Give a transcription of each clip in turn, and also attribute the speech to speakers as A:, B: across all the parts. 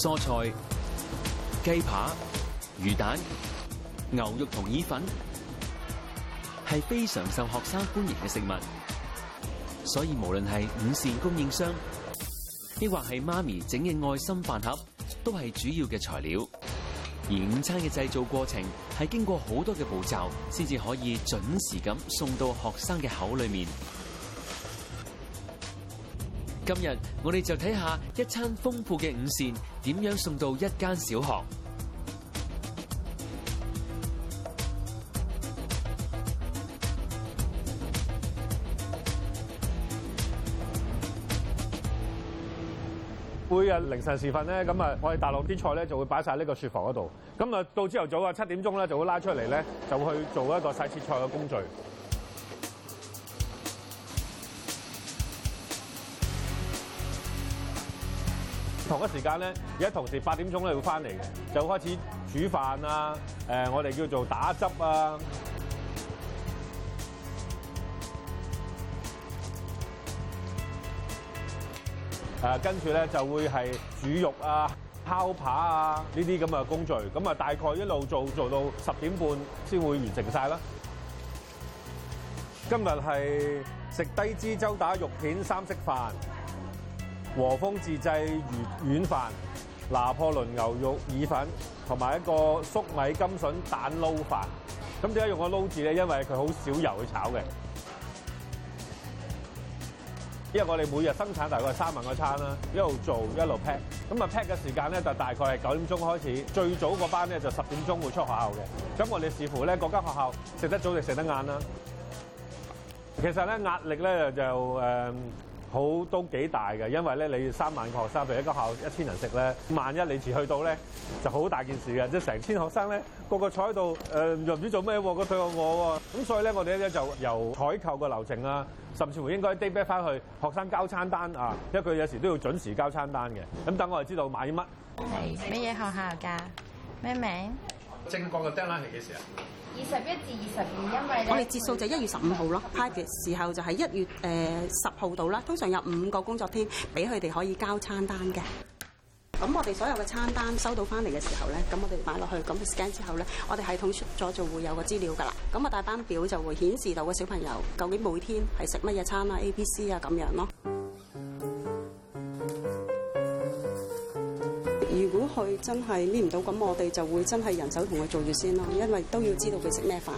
A: 蔬菜、雞扒、魚蛋、牛肉同意粉，係非常受學生歡迎嘅食物。所以無論係午膳供應商，抑或係媽咪整嘅愛心飯盒，都係主要嘅材料。而午餐嘅製造過程係經過好多嘅步驟，先至可以準時咁送到學生嘅口裏面。今日我哋就睇下一餐豐富嘅午膳點樣送到一間小學。
B: 每日凌晨時分咧，咁啊，我哋大陸啲菜咧就會擺晒呢個雪房嗰度。咁啊，到朝頭早啊七點鐘咧就會拉出嚟咧，就去做一個細切菜嘅工序。同一時間咧，而家同事八點鐘咧會翻嚟嘅，就開始煮飯啊，我哋叫做打汁啊， 跟住咧就會係煮肉啊、烤扒啊呢啲咁嘅工序，咁啊大概一路做做到十點半先會完成晒啦。今日係食低脂周打肉片三色飯。和風自製魚丸飯、拿破崙牛肉意粉同埋一個粟米甘筍蛋撈飯。咁點解用個撈字咧？因為佢好少油去炒嘅。因為我哋每日生產大概三萬個餐啦，一路做一路 pack。咁啊 pack 嘅時間咧就大概係九點鐘開始，最早嗰班咧就十點鐘會出學校嘅。咁我哋視乎咧各間學校食得早就食得晏啦。其實咧壓力咧就誒，嗯好都幾大嘅，因為咧你三萬個學生，譬如一個校一千人食咧，萬一你遲去到咧，就好大件事嘅，即係成千學生咧個個坐喺度，誒又唔知做咩喎，佢對我喎，咁所以咧我哋咧就由採購嘅流程啦，甚至乎應該 day back 翻去學生交餐單啊，因為佢有時都要準時交餐單嘅，咁等我哋知道買乜。係咩
C: 嘢學校㗎？咩名？
B: 正確嘅 deadline 係幾時啊？
D: 二十一至二十二，因為我哋截數就一月十五號咯，派嘅時候就係一月誒十、呃、號到啦。通常有五個工作天俾佢哋可以交餐單嘅。咁我哋所有嘅餐單收到翻嚟嘅時候咧，咁我哋買落去，咁 scan 之後咧，我哋系統出咗就會有個資料噶啦。咁啊，大班表就會顯示到個小朋友究竟每天係食乜嘢餐啊、ABC 啊咁樣咯。如果佢真係黏唔到的話，咁我哋就會真係人手同佢做住先咯，因為都要知道佢食咩飯。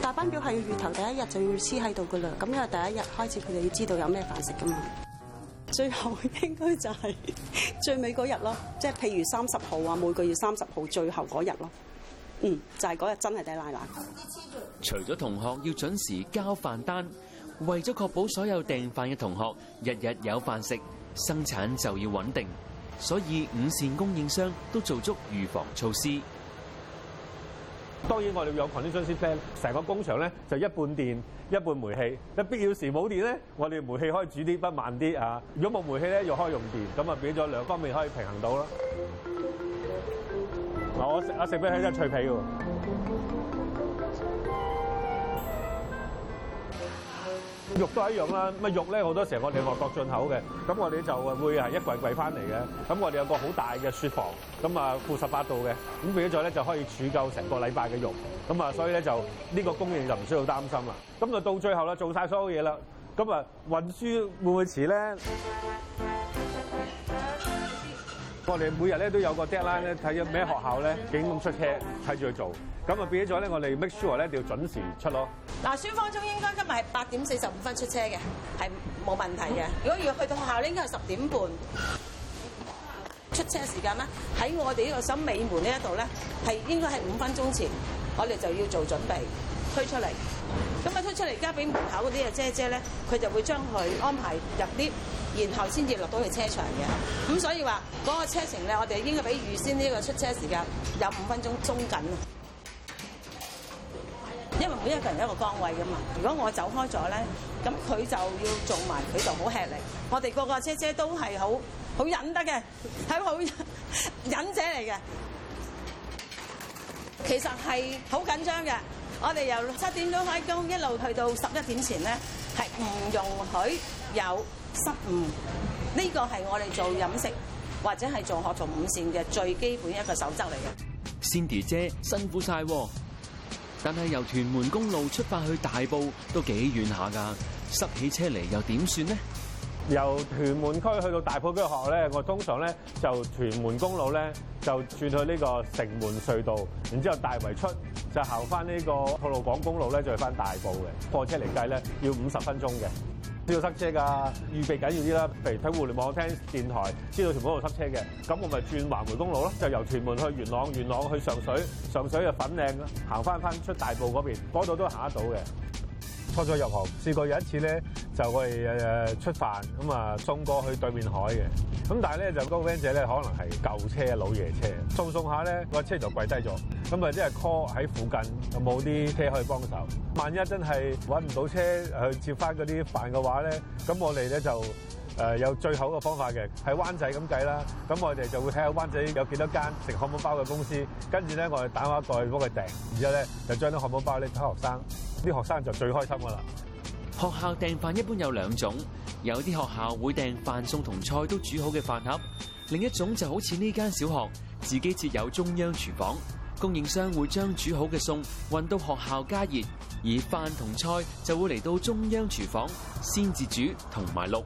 D: 大班表係要月頭第一日就要黐喺度噶啦，咁因為第一日開始佢哋要知道有咩飯食噶嘛。最後應該就係最尾嗰日咯，即係譬如三十號啊，每個月三十號最後嗰日咯。嗯，就係嗰日真係抵拉拉。
A: 除咗同學要準時交飯單。為咗確保所有訂飯嘅同學日日有飯食，生產就要穩定，所以五線供應
B: 商都做足預防措施。當然我，我哋有 production system 成個工場咧就一半電一半煤氣，一必要時冇電咧，我哋煤氣可以煮啲不慢啲啊。如果冇煤氣咧，又可以用電，咁啊畀咗兩方面可以平衡到咯。嗱、啊，我食啊食咩嘢都脆皮嘅。肉都係一樣啦，咁啊肉咧好多時候我哋外國進口嘅，咁我哋就會係一櫃櫃翻嚟嘅，咁我哋有個好大嘅雪房，咁啊負十八度嘅，咁變咗咧就可以儲夠成個禮拜嘅肉，咁啊所以咧就呢個供應就唔需要擔心啦，咁啊到最後啦做晒所有嘢啦，咁啊運輸會唔會遲咧？我哋每日咧都有個 deadline 咧，睇咩學校咧，警總出車睇住去做，咁啊變咗咧，我哋 make sure 咧一定要準時出咯。
D: 嗱，孫方中應該今日係八點四十五分出車嘅，係冇問題嘅。如果要去到學校咧，應該係十點半出車時間咧。喺我哋呢個審美門呢一度咧，係應該係五分鐘前，我哋就要做準備推出嚟。咁啊推出嚟交俾門口嗰啲啊姐姐咧，佢就會將佢安排入啲。然後先至落到去車場嘅，咁所以話嗰個車程呢，我哋應該俾預先呢個出車時間有失誤呢個係我哋做飲食或者係做學童午膳嘅最基本一個守則嚟嘅。
A: Cindy 姐辛苦晒，但係由屯
B: 門公路出發去大埔都幾遠下噶，塞起車嚟又點算呢？由屯門區去到大埔嗰學校呢，咧，我通常咧就屯門公路咧就轉去呢個城門隧道，然之後大圍出就行翻呢個吐露港公路咧，再翻大埔嘅。貨車嚟計咧要五十分鐘嘅。知道塞車㗎，預備緊要啲啦。譬如睇互聯網聽 電台，知道全部度塞車嘅，咁我咪轉環回公路咯。就由屯門去元朗，元朗去上水，上水又粉嶺，行翻翻出大埔嗰邊，嗰度都行得到嘅。初初入行，試過有一次咧，就我哋出飯咁啊，送過去對面海嘅。咁但係咧，就、那、嗰個 van 仔咧，可能係舊車老爺車，送送下咧，那個車就跪低咗。咁啊，即係 call 喺附近有冇啲車可以幫手。萬一真係揾唔到車去接翻嗰啲飯嘅話咧，咁我哋咧就誒有最後嘅方法嘅，喺灣仔咁計啦。咁我哋就會睇下灣仔有幾多間食漢堡包嘅公司，跟住咧我哋打個電話過去幫佢訂，然之後咧就將啲漢堡包咧派學生。啲學生就最開心㗎喇！
A: 學校訂飯一般有兩種，有啲學校會訂飯餸同菜，菜都煮好嘅飯盒，另一種就好似呢間小學，自己設有中央廚房，供應商會將煮好嘅餸運到學校加熱，而飯同菜就會嚟到中央廚房先至煮同埋淥。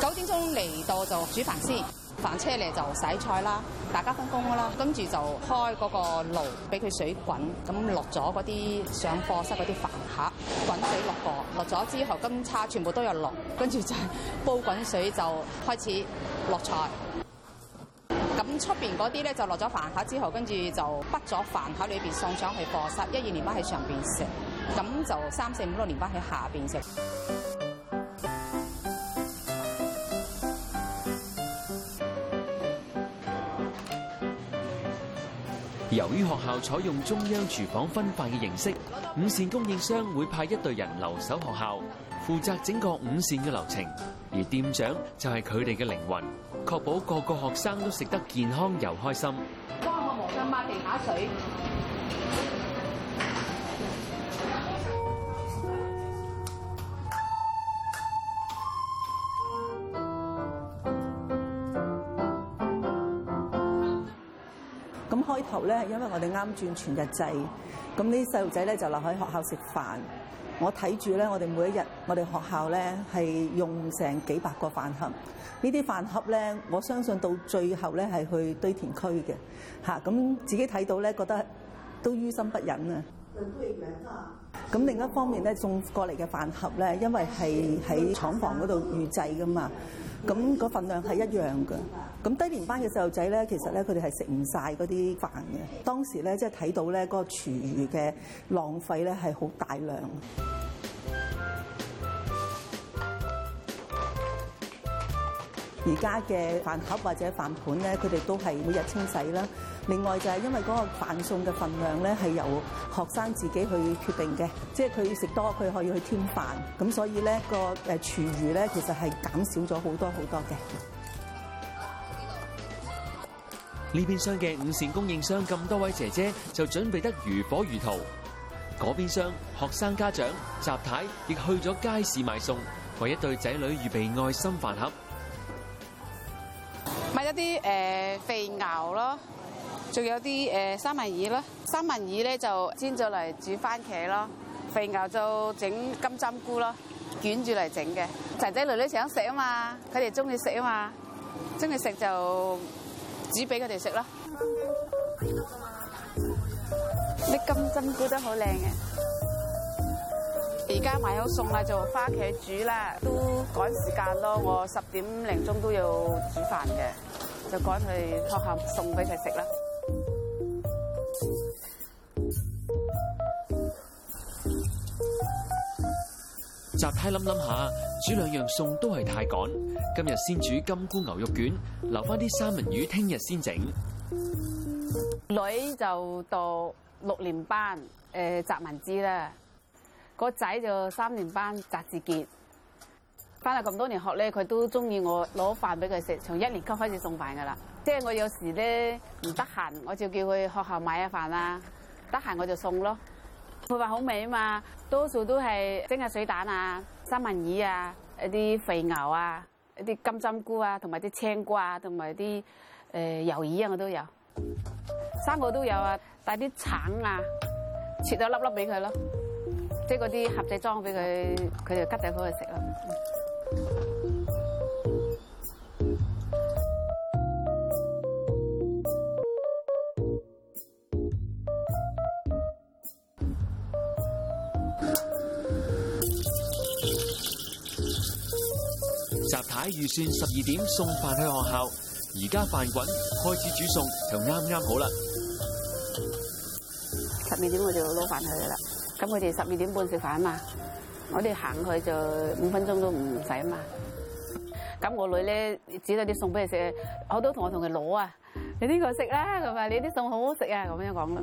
C: 九點鐘嚟到就煮飯先。飯車嚟就洗菜啦，大家分工㗎啦，跟住就開嗰個爐，俾佢水滾，咁落咗嗰啲上課室嗰啲飯盒，滾水落過落咗之後金叉全部都有落，跟住就煲滾水就開始落菜。咁出邊嗰啲咧就落咗飯盒之後，跟住就滗咗飯盒裏邊送上去課室，一二年班喺上邊食，咁就三四五六年班喺下邊食。
A: 由於學校採用中央廚房分飯嘅形式，午膳供應商會派一隊人留守學校，負責整個午膳嘅流程，而店長就係佢哋嘅靈魂，確保個個學生都食得健康又開心。
C: 我地下水。
E: 開頭咧，因為我哋啱轉全日制，咁呢啲細路仔咧就留喺學校食飯。我睇住咧，我哋每一日，我哋學校咧係用成幾百個飯盒，呢啲飯盒咧，我相信到最後咧係去堆填區嘅，嚇。咁自己睇到咧，覺得都於心不忍啊。咁另一方面咧，送過嚟嘅飯盒咧，因為係喺廠房嗰度預製㗎嘛。咁個份量係一樣嘅，咁低年班嘅細路仔咧，其實咧佢哋係食唔晒嗰啲飯嘅。當時咧即係睇到咧嗰個廚餘嘅浪費咧係好大量。而家嘅飯盒或者飯盤咧，佢哋都係每日清洗啦。另外就係因為嗰個飯餸嘅份量咧，係由學生自己去決定嘅，即係佢食多佢可以去添飯，咁所以咧、呢個誒廚餘咧其實係減少咗好多好多嘅。
A: 呢邊廂嘅午膳供應商咁多位姐姐就準備得如火如荼。嗰邊廂學生家長集太亦去咗街市買餸，為一對仔女預備愛心飯盒。
F: 買一啲誒、呃、肥牛咯。仲有啲誒三文魚咯，三文魚咧就煎咗嚟煮番茄咯，肥牛就整金針菇咯，捲住嚟整嘅仔仔女女想食啊嘛，佢哋中意食啊嘛，中意食就煮俾佢哋食咯。啲金針菇都好靚嘅，而家買好餸啦，就花茄煮啦，都趕時間咯。我十點零鐘都要煮飯嘅，就趕去學校送俾佢食啦。
A: 集體諗諗下，煮兩樣餸都係太趕，今日先煮金菇牛肉卷，留翻啲三文魚聽日先整。
F: 女就讀六年班，誒、呃，習文字啦。個仔就三年班，習字杰。翻嚟咁多年學咧，佢都中意我攞飯俾佢食，從一年級開始送飯噶啦。即係我有時咧唔得閒，我就叫佢學校買下飯啊。得閒，我就送咯。佢話好味啊嘛，多數都係蒸下水蛋啊、三文魚啊、一啲肥牛啊、一啲金針菇啊，同埋啲青瓜啊，同埋啲誒魷魚啊，我都有。三個都有啊，帶啲橙啊，切咗粒粒俾佢咯。即係嗰啲盒仔裝俾佢，佢就吉仔可以食啦。嗯
A: 預算十二點送飯去學校，而家飯滾開始煮餸就啱啱好啦。
F: 十二點我就攞飯去啦，咁佢哋十二點半食飯啊嘛，我哋行去就五分鐘都唔使啊嘛。咁、嗯、我女咧煮咗啲餸俾佢食，我都同我同佢攞啊，你呢個食啦，同埋你啲餸好好食啊，咁樣講咯。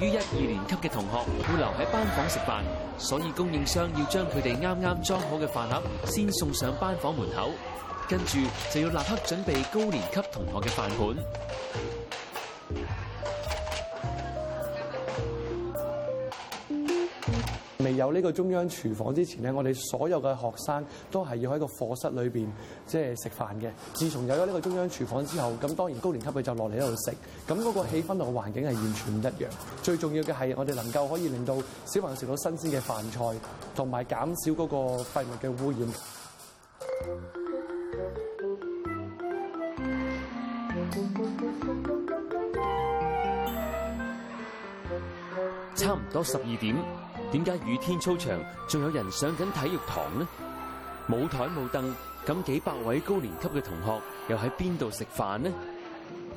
A: 於一二年級嘅同學會留喺班房食飯，所以供應商要將佢哋啱啱裝好嘅飯盒先送上班房門口，跟住就要立刻準備高年級同學嘅飯盤。
G: 未有呢個中央廚房之前咧，我哋所有嘅學生都係要喺個課室裏邊即係食飯嘅。自從有咗呢個中央廚房之後，咁當然高年級嘅就落嚟度食，咁嗰個氣氛同個環境係完全唔一樣。最重要嘅係我哋能夠可以令到小朋友食到新鮮嘅飯菜，同埋減少嗰個廢物嘅污染。
A: 差唔多十二點。點解雨天操場仲有人上緊體育堂呢？冇台冇凳，
G: 咁幾百位高年級嘅同學又喺邊度食飯呢？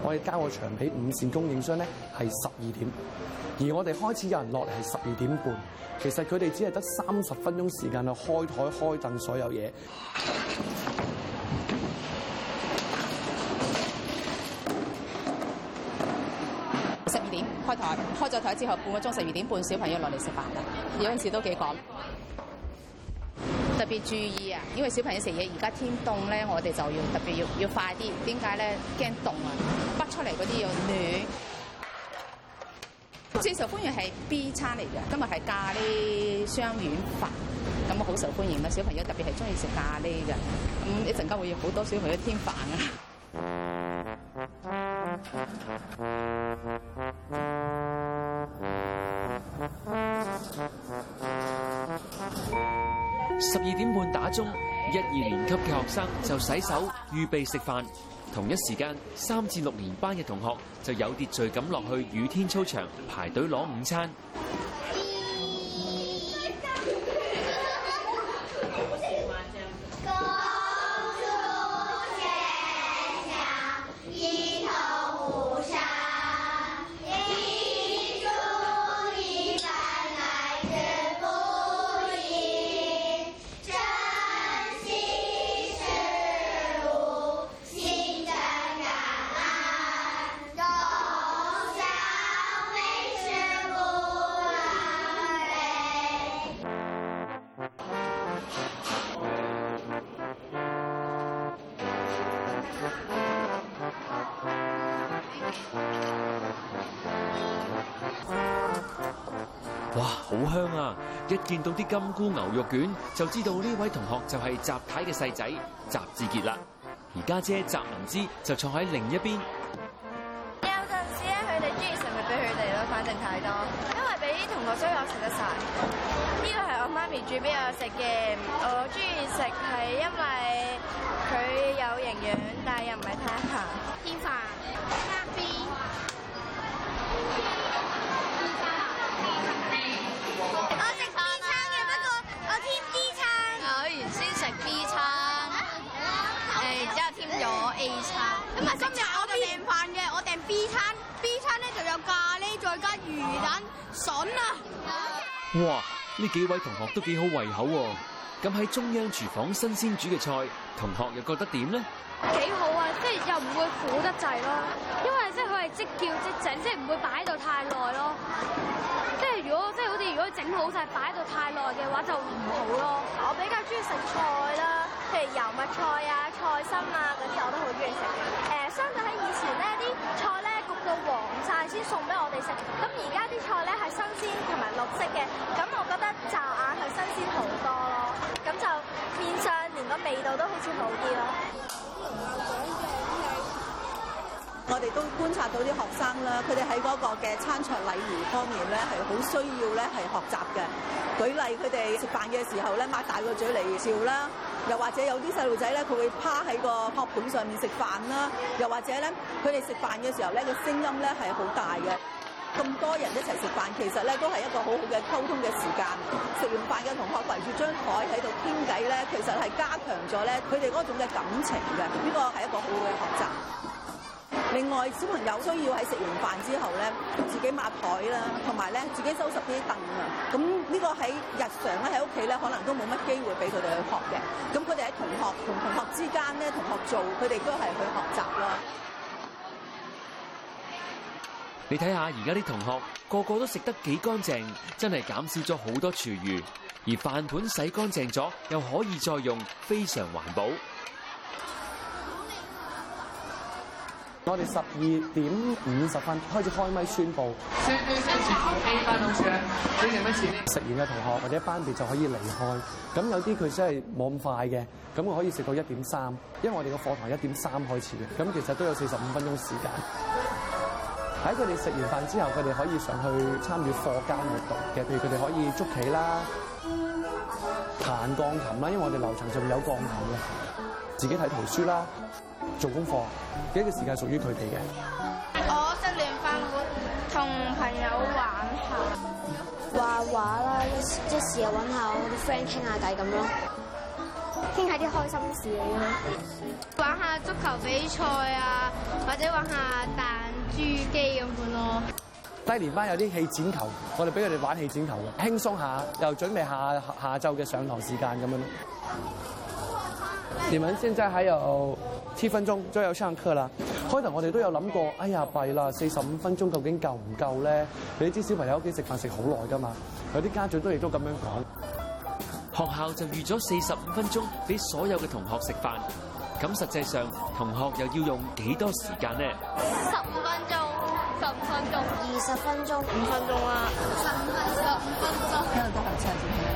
G: 我哋交個場俾午膳供應商咧，係十二點，而我哋開始有人落嚟係十二點半，其實佢哋只係得三十分鐘時間去開台開凳所有嘢。
C: 開台，開咗台之後半個鐘，十二點半小朋友落嚟食飯啦。有陣時都幾趕，特別注意啊，因為小朋友食嘢而家天凍咧，我哋就要特別要要快啲。點解咧？驚凍啊！不出嚟嗰啲要暖。最受歡迎係 B 餐嚟嘅，今日係咖喱雙丸飯，咁啊好受歡迎啦。小朋友特別係中意食咖喱嘅，咁一陣間會有好多小朋友添飯啊。
A: 十二點半打鐘，一二年級嘅學生就洗手，預備食飯。同一時間，三至六年班嘅同學就有秩序咁落去雨天操場，排隊攞午餐。哇，好香啊！一見到啲金菇牛肉卷，就知道呢位同學就係翟太嘅細仔翟志杰啦。而家姐翟文芝就坐喺另一邊。
C: 有陣時咧，佢哋中意食咪俾佢哋咯，反正太多，因為俾啲同學所以我食得晒。呢個係我媽咪煮俾我食嘅，我中意食係因為佢有營養。
A: 哇！呢幾位同學都幾好胃口喎、啊，咁喺中央廚房新鮮煮嘅菜，同學又覺得點咧？
C: 幾好啊，即係又唔會苦得滯咯，因為即係佢係即叫即整，即係唔會擺到太耐咯。即係如果即係好似如果整好曬擺到太耐嘅話，就唔好咯。我比較中意食菜啦，譬如油麥菜啊、菜心啊嗰啲，我都好中意食嘅。誒、呃、相對喺以前咧啲菜。到黃曬先送俾我哋食，咁而家啲菜咧係新鮮同埋綠色嘅，咁我
E: 覺得驟眼係新鮮好多咯，咁就面上連個味道都好似好啲咯。我哋都觀察到啲學生啦，佢哋喺嗰個嘅餐桌禮儀方面咧，係好需要咧係學習嘅。舉例佢哋食飯嘅時候咧，擘大個嘴嚟笑啦。又或者有啲細路仔咧，佢會趴喺個托盤上面食飯啦，啊。又或者咧，佢哋食飯嘅時候咧，個聲音咧係好大嘅。咁多人一齊食飯，其實咧都係一個好好嘅溝通嘅時間。食完飯嘅同學圍住張台喺度傾偈咧，其實係加強咗咧佢哋嗰種嘅感情嘅。呢個係一個好好嘅學習。另外，小朋友需要喺食完飯之後咧，自己抹台啦，同埋咧自己收拾啲凳啊。咁呢個喺日常咧喺屋企咧，可能都冇乜機會俾佢哋去學嘅。咁佢哋喺同學同同學之間咧，同學做，佢哋都係去學習啦。
A: 你睇下而家啲同學個個都食得幾乾淨，真係減少咗好多廚餘，而飯盤洗乾淨咗又可以再用，非常環保。
G: 我哋十二點五十分開始開咪宣佈，先先
A: 先調好似咧，
G: 幾點開始咧？食完嘅同學或者班別就可以離開。咁有啲佢真係冇咁快嘅，咁我可以食到一點三，因為我哋個課堂一點三開始嘅。咁其實都有四十五分鐘時間。喺佢哋食完飯之後，佢哋可以上去參與課間活動嘅，譬如佢哋可以捉棋啦、彈鋼琴啦，因為我哋樓層上面有鋼琴嘅，自己睇圖書啦。做功課，幾個時間屬於佢哋嘅？
D: 我
C: 週末翻去同朋友玩下，畫畫啦，
G: 即時又揾下我啲 friend 傾下偈咁咯，傾下啲開心事啦，玩下足球比賽啊，或者玩下彈珠
C: 機咁款咯。
G: 低年班有啲氣剪球，我哋俾佢哋玩氣剪球嘅，輕鬆下，又準備下下晝嘅上堂時間咁樣咯。你哋而家仲有七分鐘，就要上堂啦。開頭我哋都有諗過，哎呀弊啦，四十五分鐘究竟夠唔夠咧？你知小朋友喺屋企食飯食好耐㗎嘛？有啲家長都亦都咁樣講。
A: 學校就預咗四十五分鐘俾所有嘅同學食飯，咁實際上同學又要用幾多時間咧？十五
E: 分鐘，十五分鐘，二十分鐘，五分鐘啦、啊，十五分鐘，五分鐘。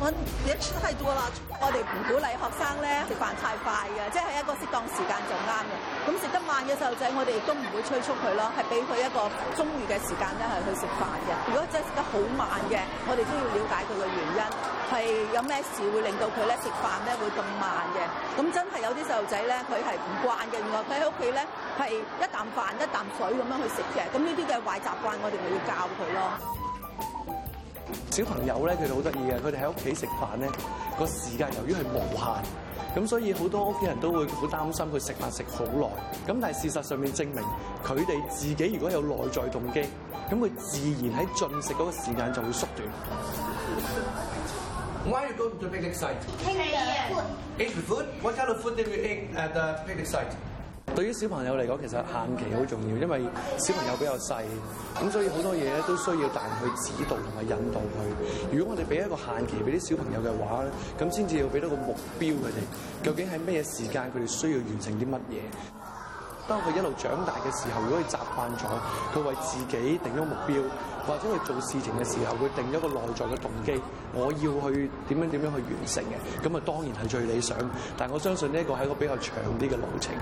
E: 我一出太多啦，我哋唔鼓勵學生咧食飯太快嘅，即係一個適當時間就啱嘅。咁食得慢嘅細路仔，我哋亦都唔會催促佢咯，係俾佢一個充裕嘅時間咧，係去食飯嘅。如果真係食得好慢嘅，我哋都要了解佢嘅原因，係有咩事會令到佢咧食飯咧會咁慢嘅。咁真係有啲細路仔咧，佢係唔慣嘅，原來佢喺屋企咧係一啖飯一啖水咁樣去食嘅，咁呢啲嘅壞習慣，我哋咪要教佢咯。
G: 小朋友咧，佢哋好得意嘅，佢哋喺屋企食飯咧，個時間由於係無限，咁所以好多屋企人都會好擔心佢食飯食好耐。咁但係事實上面證明，佢哋自己如果有內在動機，咁佢自然喺進食嗰個時間就會縮短。Why you go to picnic site? Eating food. What
F: kind
G: of food did you eat at the picnic site? 對於小朋友嚟講，其實限期好重要，因為小朋友比較細，咁所以好多嘢咧都需要大人去指導同埋引導佢。如果我哋俾一個限期俾啲小朋友嘅話咧，咁先至要俾到個目標佢哋，究竟係咩時間佢哋需要完成啲乜嘢？當佢一路長大嘅時候，如果佢習慣咗，佢為自己定咗目標。或者佢做事情嘅時候，佢定一個內在嘅動機，我要去點樣點樣去完成嘅，咁啊當然係最理想。但係我相信呢一個係一個比較長啲嘅路程。